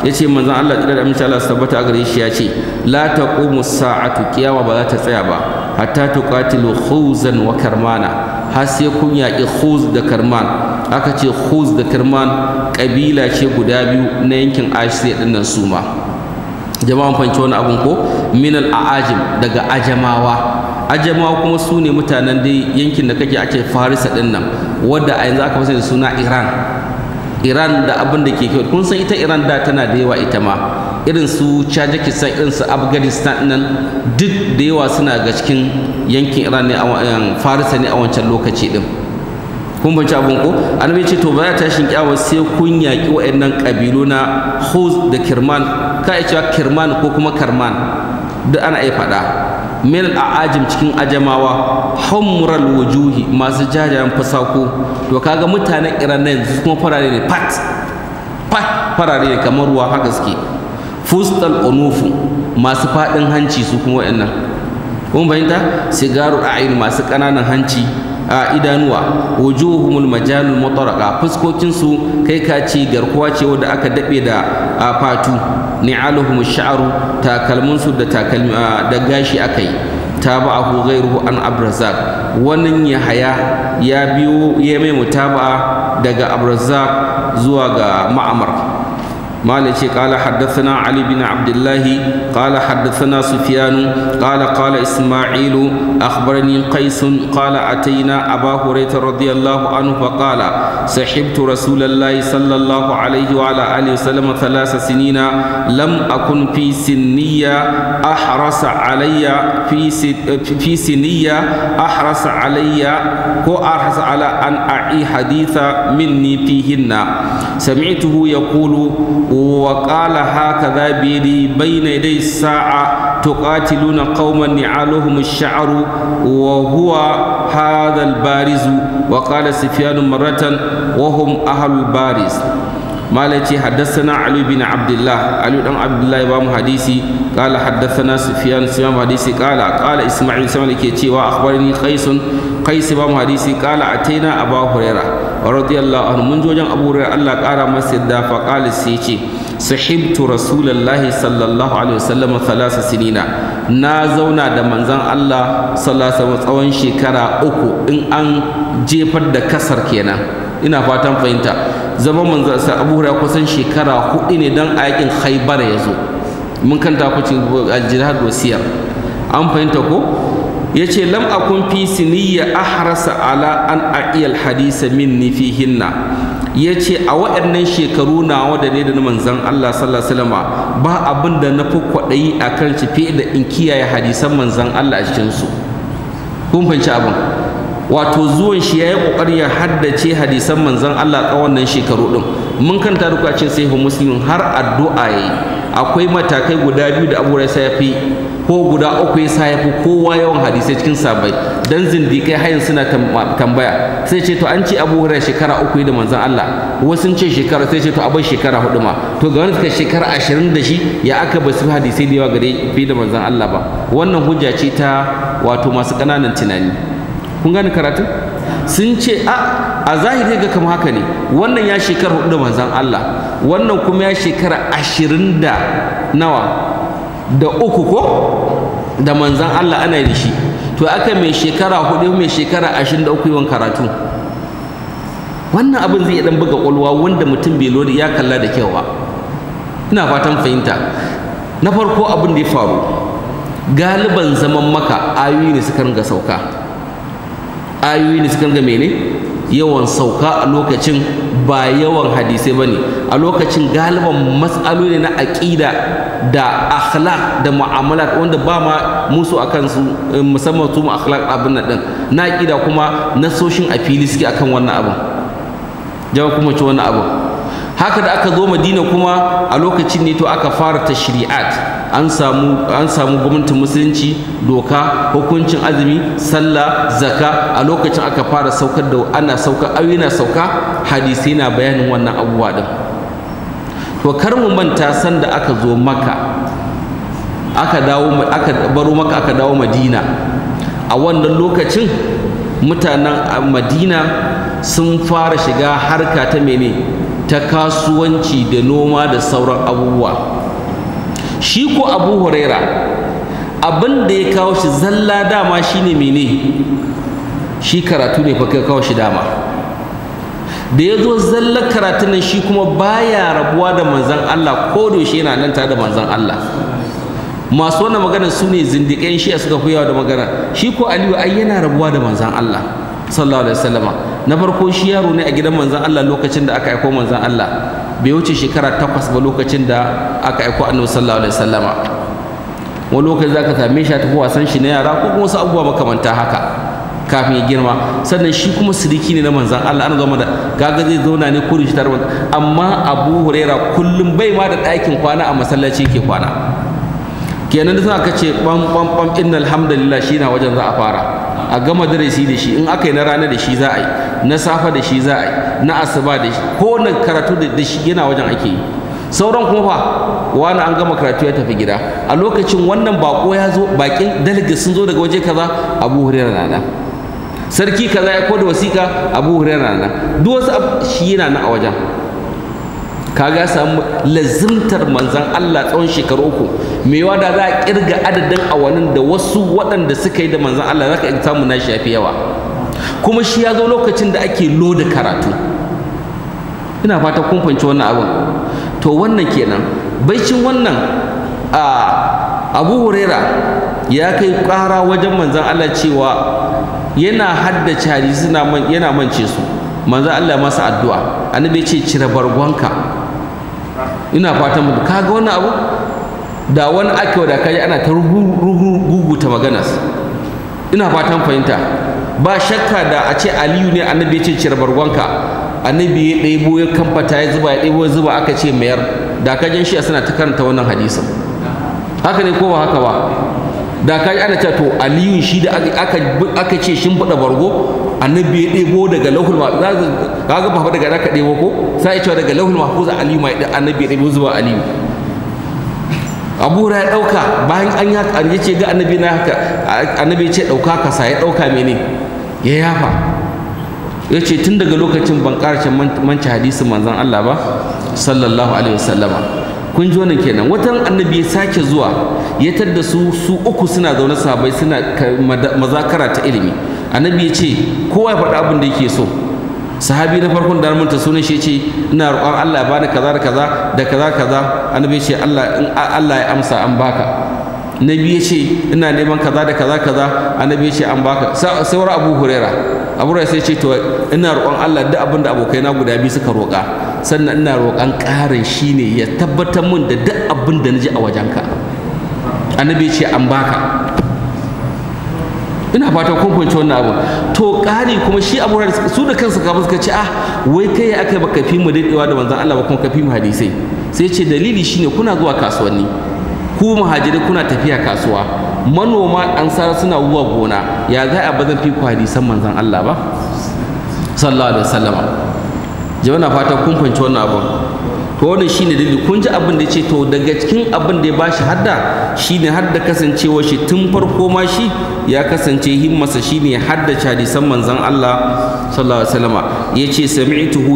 yace manzon Allah da amince Allah sabbata gare shi yace la taqumu sa'atu qiyama ba za ta tsaya ba hatta tuqatilu khuzan wa karmana har sai kun yaƙi khuz da karman aka ce khuz da karman ƙabila ce guda biyu na yankin ashiya ɗinnan nan su ma jama'an fanci wani abun ko minal a'ajim daga ajamawa ajamawa kuma su ne mutanen da yankin da kake ake farisa ɗin nan wadda a yanzu aka fasa da suna iran iran da abin da ke kyau kun san ita iran da tana da yawa ita ma irin su Kazakhstan irin su Afghanistan nan duk da yawa suna ga cikin yankin Iran ne eh, Farisa ne a wancan lokaci din kun banci abun ko annabi ce to ba za tashin kyawa sai kun yaki wayannan kabilu na Khuz da Kirman ka ya cewa Kirman ko kuma Karman duk ana iya faɗa min al'ajim cikin ajamawa hamural wujuhi masu jajayen fasako to kaga mutanen iran nan su kuma farare ne fat fat farare ne kamar ruwa haka suke fustal unufu masu faɗin hanci su kuma waɗannan kuma bayanta sigaru ainihin masu ƙananan hanci a idanuwa wujuhumul majalul mutaraqa fuskokin su kai ka ce garkuwa ce wadda aka dabe da fatu ni'aluhum sha'ru takalmun su da takalmi da gashi akai tabahu ghayruhu an abrazak wannan ya haya ya biyo ya mai mutaba'a daga abrazak zuwa ga ma'amar مالك قال حدثنا علي بن عبد الله قال حدثنا سفيان قال قال إسماعيل أخبرني قيس قال أتينا أبا هريرة رضي الله عنه فقال سحبت رسول الله صلى الله عليه وعلى آله وسلم ثلاث سنين لم أكن في سنية أحرص علي في في سنية أحرص علي هو أحرص على أن أعي حديث مني فيهن سمعته يقول wa ƙala haka za biri bai na dai sa'a tuƙatiluna ƙauman ni aluhu musha'aru wa huwa hadal barizu wa ƙala sufiyanu maratan wa hum ahalul bariz malaci haddasana ali ba mu hadisi ƙala haddasana sufiyan sufiyan hadisi ƙala ƙala ismail sama ke cewa akhbarani qais ba mu hadisi ƙala ataina abu hurairah radiyallahu anhu mun jojan Abu Hurairah Allah kara masu yadda fa qala sai ce sahibtu rasulullahi sallallahu alaihi wasallam thalatha sinina na zauna da manzon Allah sallallahu alaihi tsawon shekara uku in an jefar da kasar kenan ina fatan fahimta zaman manzon sa Abu Hurairah kusan shekara hudu ne dan ayakin Khaybar ya zo mun kanta ku ce al-jihad wasiyar an fahimta ko ya ce lam akun fi a harasa ala an a'iyal hadisa nifi hinna. ya ce a waɗannan shekaru na da ne da manzan Allah sallallahu alaihi ba abin da na fi kwaɗayi a kan shi fiye da in kiyaye hadisan manzan Allah a cikinsu kun fahimci abin wato zuwan shi ya yi ƙoƙarin ya haddace hadisan manzan Allah a wannan shekaru ɗin mun kanta rukacin sai muslimin har addu'a yayi akwai matakai guda biyu da abu ya fi ko guda uku yasa ya fi kowa yawan hadisai cikin sabai dan zindikai hayin suna tambaya sai ce to an ce Abu Hurairah shekara uku da manzon Allah wasu ce shekara sai ce to abai shekara hudu ma to ga wani suka shekara ashirin da shi ya aka ba su hadisai da yawa gare fi da manzon Allah ba wannan hujja ce ta wato masu ƙananan tunani kun gane karatu sun ce a a zahiri ga kama haka ne wannan ya shekara hudu da manzon Allah wannan kuma ya shekara ashirin da nawa da uku ko da manzan Allah ana da shi to aka mai shekara hudu mai shekara ashirin da uku yawan karatu wannan abin zai dan buga kwalwa wanda mutum bai lori ya kalla da kyau ba ina fatan fahimta na farko abin da ya faru galiban zaman maka ayoyi ne suka ringa sauka ayoyi ne suka ringa mene yawan sauka a lokacin ba yawan hadisai ba ne a lokacin galiban matsaloli na aƙida da akhlaq da mu'amalat wanda ba ma musu a kansu eh, musamman su akhlaq abin nan na aƙida kuma nasoshin a fili suke akan wannan abin jama'a kuma ci wannan abin haka da aka zo madina kuma a lokacin ne to aka fara ta an an samu gwamnatin musulunci doka hukuncin azumi sallah zaka a lokacin aka fara saukar da ana sauka na sauka hadisi na bayanin wannan abubuwa din to kar mu manta sanda aka zo maka aka dawo aka baro maka aka dawo madina a wannan lokacin mutanen madina sun fara shiga harka ta mene ta kasuwanci da noma da sauran abubuwa shi ko abu huraira abin da ya kawo shi zalla dama shine mene shi karatu ne fakai kawo shi dama da ya zo zallar karatu nan shi kuma baya rabuwa da manzan Allah ko da shi yana nan tare da manzan Allah masu wannan magana su ne zindiƙen shi suka fi yawa da magana shi ko Aliyu ai yana rabuwa da manzan Allah sallallahu alaihi wasallama na farko shi yaro ne a gidan manzan Allah lokacin da aka aiko manzan Allah bai wuce shekara takwas ba lokacin da aka aiko annabi sallallahu alaihi wasallama wani lokaci zaka same shi a tafi wasan shi na yara ko kuma wasu abubuwa makamanta haka kafin ya girma sannan shi kuma siriki ne na manzan Allah ana zama da gaga zai zauna ne kurin shi tarwa. amma Abu Huraira kullum bai ma da ɗakin kwana a masallaci yake kwana kenan da suka kace bam bam bam innal hamdalillah shi na wajen za a fara a gama darasi da shi in aka yi na rana da shi za a yi na safa da shi za a yi na asuba da shi ko na karatu da shi yana wajen ake yi sauran kuma fa wani an gama karatu ya tafi gida a lokacin wannan bako ya zo bakin dalga sun zo daga waje kaza abu hurairar rana sarki kaza ya koda wasiƙa abu hurairar rana duk wasu shi yana nan a wajen kaga samu lazimtar manzan Allah tsawon shekaru uku mewa da za a kirga adadin awannin da wasu waɗanda suka yi da manzan Allah za ka samu na shi yafi yawa kuma shi ya zo lokacin da ake loda karatu ina fata kun fahimci wannan abin to wannan kenan baicin wannan a Abu Huraira ya kai ƙara wajen manzan Allah cewa yana haddace hadisi yana mance su manzan Allah masa addu'a annabi ya ce cire bargonka ina fatan mu kaga wannan abu da wani ake da kaji ana ta ruguguta maganas ina fatan fahimta ba shakka da a ce aliyu ne annabi ya ce cire bargonka annabi ya ɗebo ya kamfata ya zuba ya ɗebo ya zuba aka ce mayar da kajin shi suna ta karanta wannan hadisin haka ne ko ba haka ba da ka ji ana cewa to Aliyu shi da aka ce shin faɗa bargo annabi ya ɗebo daga lauhul mahfuz ka ga ba daga zaka ɗebo ko sai cewa daga lauhul mahfuz aliyu mai annabi ya ɗebo zuwa aliyu abu ya ɗauka bayan an ya an ce ga annabi na haka annabi ya ce ɗauka ka sai ya dauka mene ya yafa ya ce tun daga lokacin ban karshen manci hadisin manzon Allah ba sallallahu alaihi wasallama kun ji wannan kenan watan annabi ya sake zuwa ya tadda su su uku suna zaune sahabbai suna mazakara ta ilimi annabi ya ce kowa ya faɗa abin da yake so sahabi na farkon da ta sunan shi ce ina roƙon Allah ya bani kaza da kaza da kaza kaza annabi ya ce Allah in Allah ya amsa an baka nabi ya ce ina neman kaza da kaza kaza annabi ya ce an baka sauran Abu hurera Abu hurera sai ce to ina roƙon Allah duk abin da abokaina guda biyu suka roƙa sannan ina roƙon ƙarin shi ne ya tabbatar mun da duk abin da naji a wajenka annabi ce an baka ina fata kun fahimci wannan abu to ƙari kuma shi abu su da kansu kafin suka ce ah wai kai ya aka baka fi mu daɗewa da manzon Allah ba kuma ka fi mu hadisai sai ce dalili shine kuna zuwa kasuwanni ku muhajirai kuna tafiya kasuwa manoma ansara suna zuwa gona ya za a bazan fi ku hadisan manzon Allah ba sallallahu alaihi wasallam jama'a fata kun fahimci wannan abun to wannan shine dalili kun ji abin da ce to daga cikin abin da ya bashi hadda shine hadda kasancewar shi tun farko ma shi ya kasance himmarsa shine haddace hadisan manzon Allah sallallahu alaihi wasallama ya ce ya sami'tuhu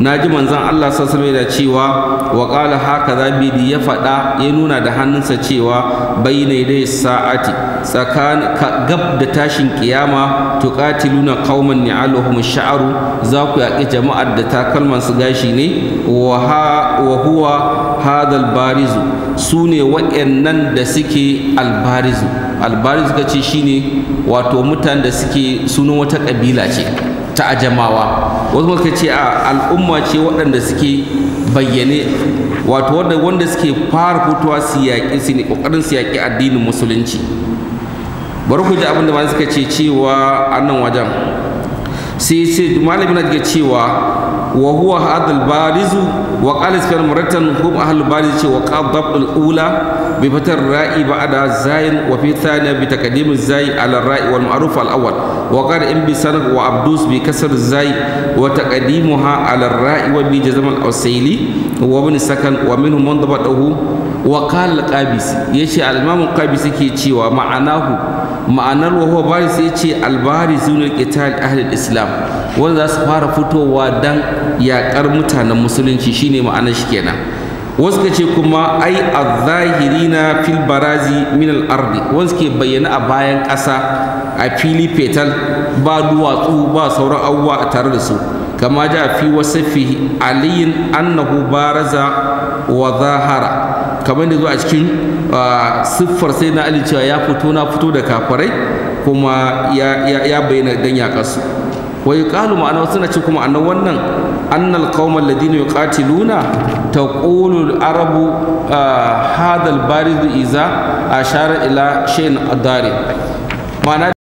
na ji manzon Allah sallallahu da cewa wa haka hakaza bi ya faɗa ya nuna da hannunsa cewa bayna dai sa'ati tsakanin gab da tashin kiyama tuqatiluna qauman ni'aluhum sha'ru za ku yaƙi jama'ar da takalman su gashi ne wa huwa hadal barizu su ne waɗannan da suke albarizu albarizu ka ce shine wato mutanen da suke sunan wata ƙabila ce ta ajamawa wasu masu ce a al'umma ce waɗanda suke bayyane wato wanda suke fara fitowa su yaƙi su ne ƙoƙarin su yaƙi addinin musulunci bari ku ji abin da suka ce cewa a nan wajen sai ce malami na ga cewa wa huwa hadal barizu wa qala sufyan muratan hum ahlul bariz ce wa qadab al ula بفتح الراء بعد الزاين وفي الثانية بتقديم الزاي على الراء والمعروف الأول وقال إن بسنق وعبدوس بكسر الزاي وتقديمها على الراء وبجزم الأوسيلي وابن سكن ومنهم من ضبطه وقال القابس يشي الإمام القابس كيتشي ومعناه ma'anar wahuwa bari sai ce albari zunar qital ahlul islam wanda za su fara fitowa dan yakar mutanen musulunci shine ma'anar shi kenan wasu ka ce kuma ai a zahiri na min minal ardi wasu ke bayyana a bayan ƙasa a fili fetal ba duwatsu ba sauran abubuwa a tare da su kama a fi wasu fi aliyin annahu baraza wa zahara kamar da zuwa a cikin siffar sai na ali cewa ya fito na fito da kafarai kuma ya bayyana dan yaƙarsu wai kalu ma'ana suna ce kuma annan wannan annal qauma alladhina yuqatiluna taqulu al-arabu hadha al-barid iza ashara ila adari